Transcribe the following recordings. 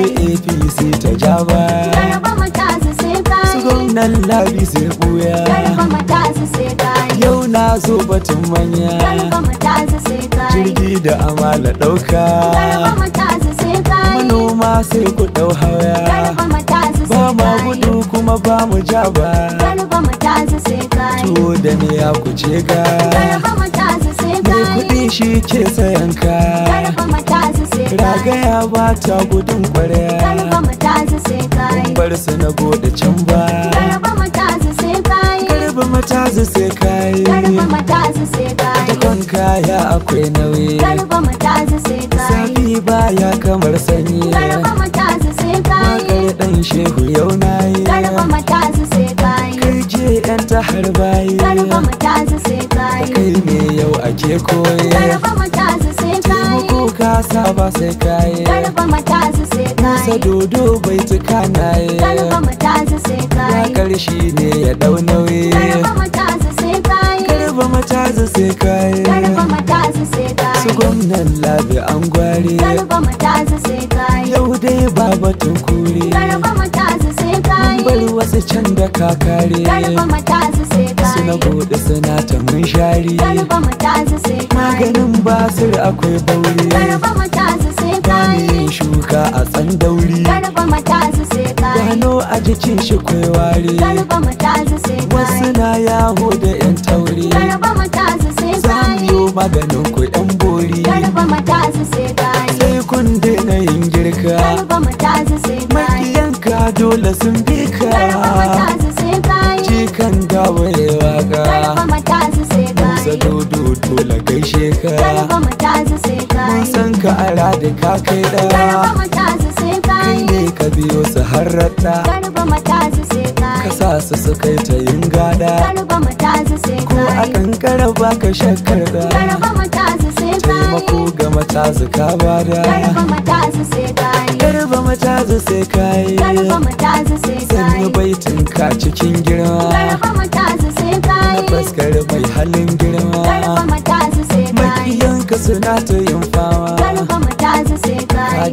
sai apc ta ja ba yarba sai su gwamnan labi sai buya sai yau na zo batun manya sai jirgi da amala ɗauka yarba sai bayi manoma sai ku ɗau haya sai ba ma gudu kuma ba mu ja ba yarba sai tuwo da miya ku ce ga sai mai kuɗi shi ke sayan ka ragaya ba ta gudun kwarya karba matasa sai kai bar su na gode can ba karba matasa sai kai karba matasa sai kai karba matasa sai kai takon kaya akwai nauyi karba matasa sai kai safi ya kamar sanyi karba matasa sai kai makar dan shehu yau nayi karba matasa sai kai kai je yan ta harbayi karba matasa sai kai kai me yau ake koyi karba masa ba sai kaye garba matasa sai kaye musa dodo bai tuka naye garba matasa sai kaye ya karshe ne ya dau nauyi garba matasa sai kaye garba matasa sai kaye garba matasa sai kaye su gwamnan labi an gware garba matasa sai kaye yau dai ba batun kure garba matasa sai kaye bar wasu can da kakare garba matasa ki na gode suna ta mun shari garba mutazu sai kai maganin basir akwai bauri garba mutazu sai kai ni shuka a san dauri garba mutazu sai kai gano a jikin shi kai wari garba mutazu sai kai wasu na yaho da yan taure. garba mutazu sai kai zan yi maganin ku dan bori garba mutazu sai kai sai kun dena yin girka garba mutazu sai kai makiyan ka dole sun bi ka kai daya garba sai ka ne ka biyo su har sai ka sa su su kai ta yin gada garba matazu sai ko a kankara ba ka shakkar da sai taimako ga matazu ka bada garba sai garba matazu sai kayi. yi sai sanya baitin ka cikin girma garba matazu sai na faskar mai halin girma garba matazu sai makiyanka suna ta yi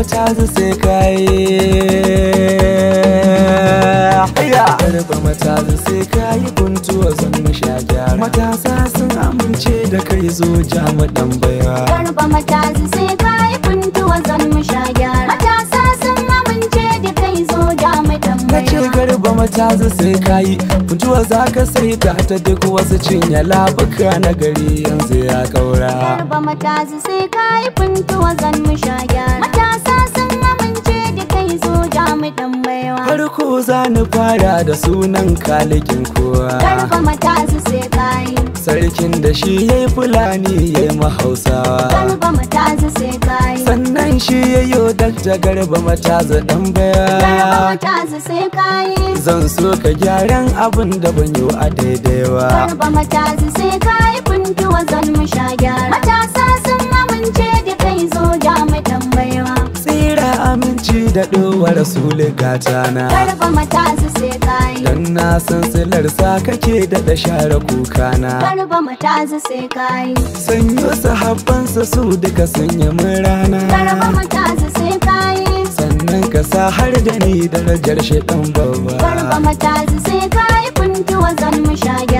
matazu sai kayi karfa matazu sai kayi kuntuwa sun sha gyara matasa sun amince da kai zo ja mu dan baiwa karfa matazu sai kayi kuntuwa sun sha gyara kar ba mataza sai kayi kuntuwa za ka sai ta ta duk wasu cinye labuka na gari yanzu ya kaura kar ba mataza sai kayi kuntuwa zan mu gyara matasa sun amince da kai zo ja farko za ni fara da sunan kalikin kowa karfa matasu sai kayi sarkin da shi ya yi fulani ya yi mahausawa karfa matasu sai kayi sannan shi ya yi da garba matasu dan baya garba matasu sai kayi zan so ka gyaran abin da ban yi a daidai ba garba matasu sai kayi kuntuwa zan mu sha gyara matasa ji da ɗuwar rasuli gata na karfa matasu sai kayi don na san silar sa kake da da share kuka na karfa matasu sai kayi sanyo sahabbansa su duka sanya mun rana karfa matasu sai kayi sannan ka sa har da ni darajar shi ɗan babba karfa matasu sai kayi kuntuwa zan mu shage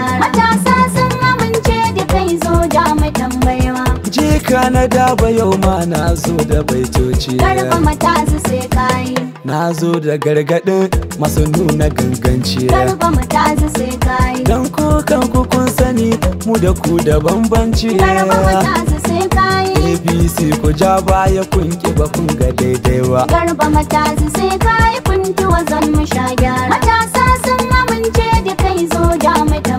kuka da ba yau ma na zo da baitoci garba matasa sai kayi na zo da gargaɗi masu nuna ganganci garba matasa sai kayi dan kan ku kun sani mu da ku da bambanci garba matasa sai kayi abc ku ja baya kun ki ba kun ga daidai ba garba matasa sai kayi kun ki wazan mu sha gyara matasa sun amince da kai zo da mu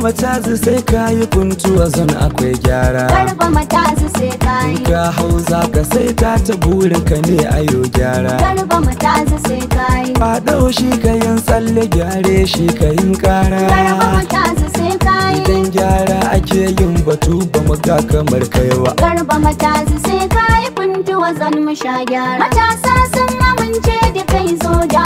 matazi sai kayi kuntuwa zan akwai gyara garba matazi sai kayi ka hauza ka sai ta ta burin ka ne ayo gyara garba matazi sai kayi fadau shi yin tsalle gyare shi ka kayan kara garba matazi sai kayi idan gyara ake yin batu ba mu ga kamar kaiwa garba matazi sai kayi kuntuwa zan mu sha gyara matasa sun zance da kai soja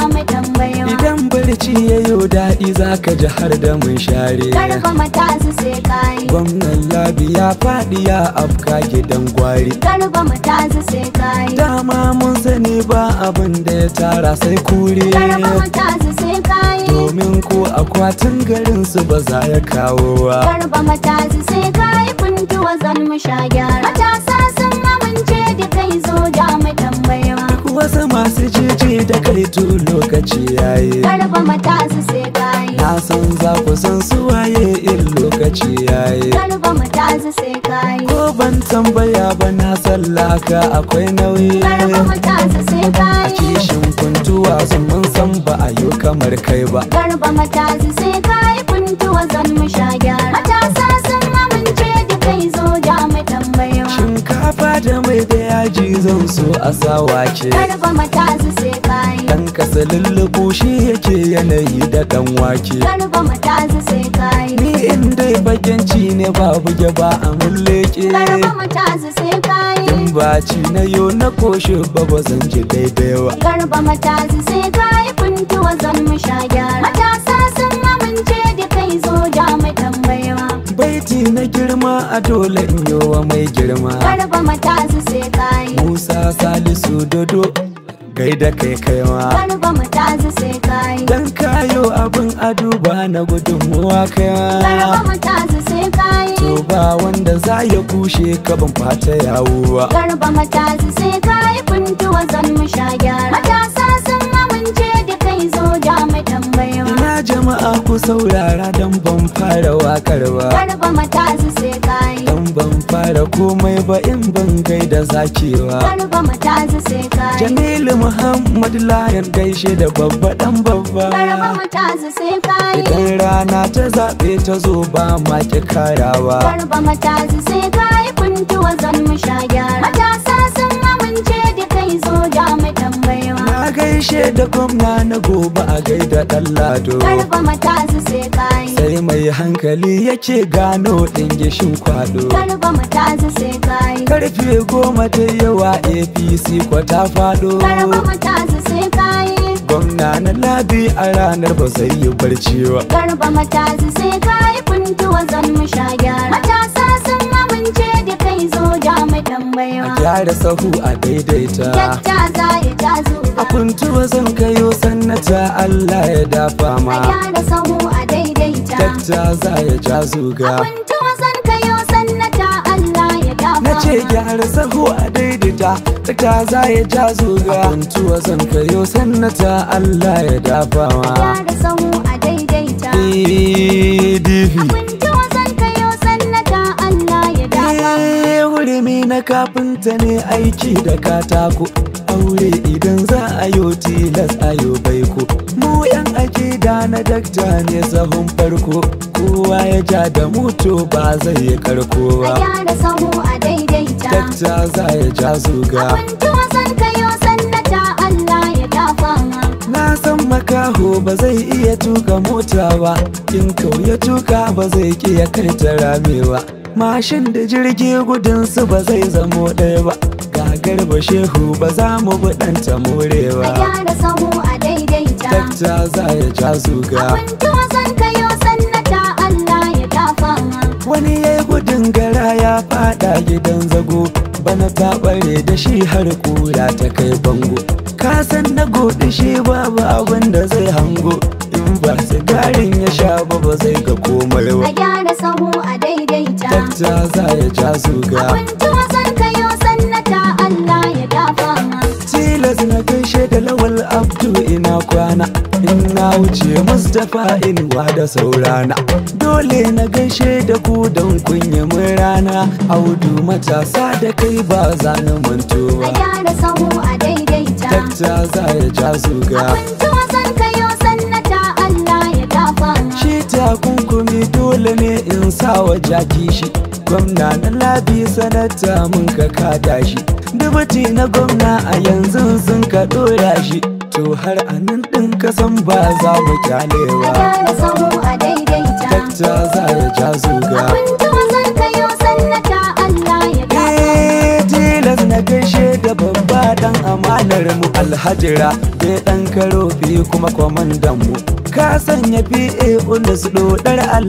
mai mu idan barci ya yi daɗi za ka ji har da mun share karfa matasa sai kayi gwamnan labi ya faɗi ya afka gidan gwari karfa matasa sai kayi dama mun sani ba abin da ya tara sai kure karfa matasa sai kayi domin ko akwatin garin su ba za ya kawo ba karfa matasa sai kayi kun ji wazan mu sha gyara matasa da kai soja da tambayawa. wasu masu jiji da kai tu lokaci yayi karfa matasu sai gayi na san za ku san su waye in lokaci yayi karfa matasu sai gayi ko ban tambaya ba na sallaka akwai nauyi karfa matasu sai gayi a cikin kuntuwa sun mun san ba a yi kamar kai ba karfa matasu sai gayi kuntuwa zan mu sha shi zan so a sawa ce. karfa matasu sai kayi dan kasa lullubu shi yake yanayi da dan wake karfa matasu sai kayi ni in dai bakin ci ne ba buge ba a mulleke karfa matasu sai kayi din ba ci na yo na koshe ba ba zan ji daidai ba karfa matasu sai kayi kuntuwa zan mu sha gyara matasa sun amince da kai zo da mu tambayewa baiti na girma a dole in wa mai girma karfa matasu sai kayi Musa Salisu Dodo gaida da kai kaiwa. Wani ba mu tazi sai kai. Dan kayo abin ado ba na gudunmawa kaiwa. Wani ba mu tazi sai kai. To ba wanda za ya kushe ka ban fata yawuwa. mu matazi sai kai kuntuwa zan mu sha gyara. Matasa sun amince da kai zo da mu tambaya. Ina jama'a ku saurara dan ban fara wakar ba. mu matazi sai ban fara komai ba in ban gaida zakewa wani ba mata tazi sai kai jamilu muhammad layan gaishe da babba dan babba ba mata tazi sai kai idan rana ta zaɓe ta zo ba ma ki karawa ba mata tazi sai kai kun tuwa zan mu sha gyara matasa sun amince gaishe da gwamna na gobe a gaida ɗan lado karba matasa sai kayi sai mai hankali yake gano ɗin gishin kwado karba matasa sai kayi karfe goma ta yawa apc kwata fado karba matasa sai kayi gwamna na labi a ranar ba zai yi barci ba karba matasa sai kayi kuntuwa zan mu sha gyara matasa sun amince da kai zo ja mu baiwa a gyara sahu a daidaita yadda za ya tazo a kuntuwa zan kayo sannata Allah ya dafa ma a gyara sahu a daidaita Tatta za ya ja zuga a kuntuwa zan kayo sannata Allah ya dafa ma ce gyara sahu a daidaita Tatta za ya ja zuga a kuntuwa zan kayo sannata Allah ya dafa ma a gyara sahu a daidaita a eh, hurumi na kafinta ne aiki da katako aure ayoti las ayo baiko mu yan akida na dakta ne sahun farko kowa ya ja da mutu ba zai yi karko ba a gyara sahu a daidaita dakta za ya ja zuga a wasan kayo sannata Allah ya dafa na san makaho ba zai iya tuka mota ba in ya tuka ba zai ki ya kai ta ramewa mashin da jirgi gudunsu ba zai zamo ɗaya ba garba shehu ba za mu buɗanta morewa a gyara sahu a daidaita dakta za ya ja zuga a wasan kayo sannata allah ya dafa wani ya yi gudun gara ya fada gidan zago bana ta bare da shi har kura ta kai bango ka san na godi shi babu abin da zai hango in ba sigarin ya sha ba ba zai ga komai ba a gyara sahu a daidaita dakta za ya ja zuga kwana in na wuce mustapha inuwa da saurana dole na gaishe da ku don kunye mun rana audu matasa da kai ba za na manto ba a gyara a daidaita dakta za ya ja su ga shi takunkumi dole ne in sa wa jaki shi gwamna na labi sanata mun ka kada shi dubuti na gwamna a yanzu sun ka dora shi to har anan ɗin san ba za mu kyalewa. ba gyara samu dakta za ya ja zuga eh, na gaishe da babba dan amanar mu alhajira da dan kuma kwamandan mu ka sanya a unda su dodar a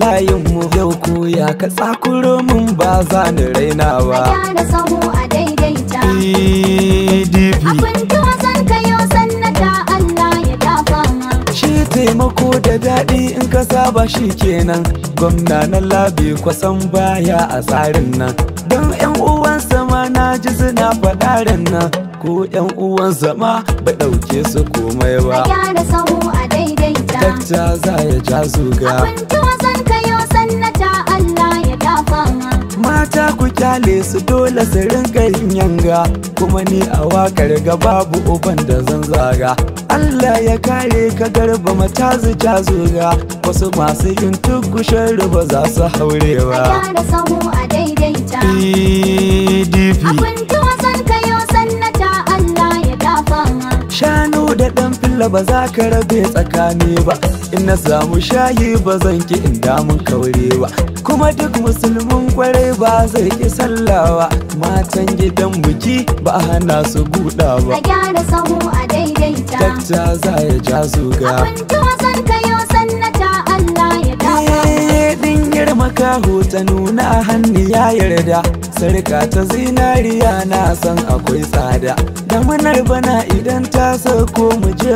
mu yau ko ya ka tsakuro mun ba za ni rainawa. ba gyara samu a daidaita PDP taimako da daɗi in ka saba shi kenan gwamna na labe kwasan baya a tsarin nan don yan uwan ma na ji suna faɗarin nan ko yan uwan ma ba ɗauke su komai ba a gyara sahu a daidaita dakta za ya ja su a kwanci wasan kai mata ku kyale su dole su rinka yin yanga kuma ni a wakar ga babu uban da zan zaga Allah ya kare ka garba mata ja zuga wasu masu yin tukushen ruba za su haurewa a daidaita abin a wasan kai ba za ka rabe tsakani ba in na samu shayi ba zan ki in damun kaure ba kuma duk musulmin kwarai ba zai ki sallawa matan gidan buki ba a hana su guda ba a gyara sahu a daidaita Tatta za ya ja su ga Maka kayo ta eh, nuna hannu ya yarda sarka ta zinariya na san akwai tsada Damanar bana idan ta sako mu je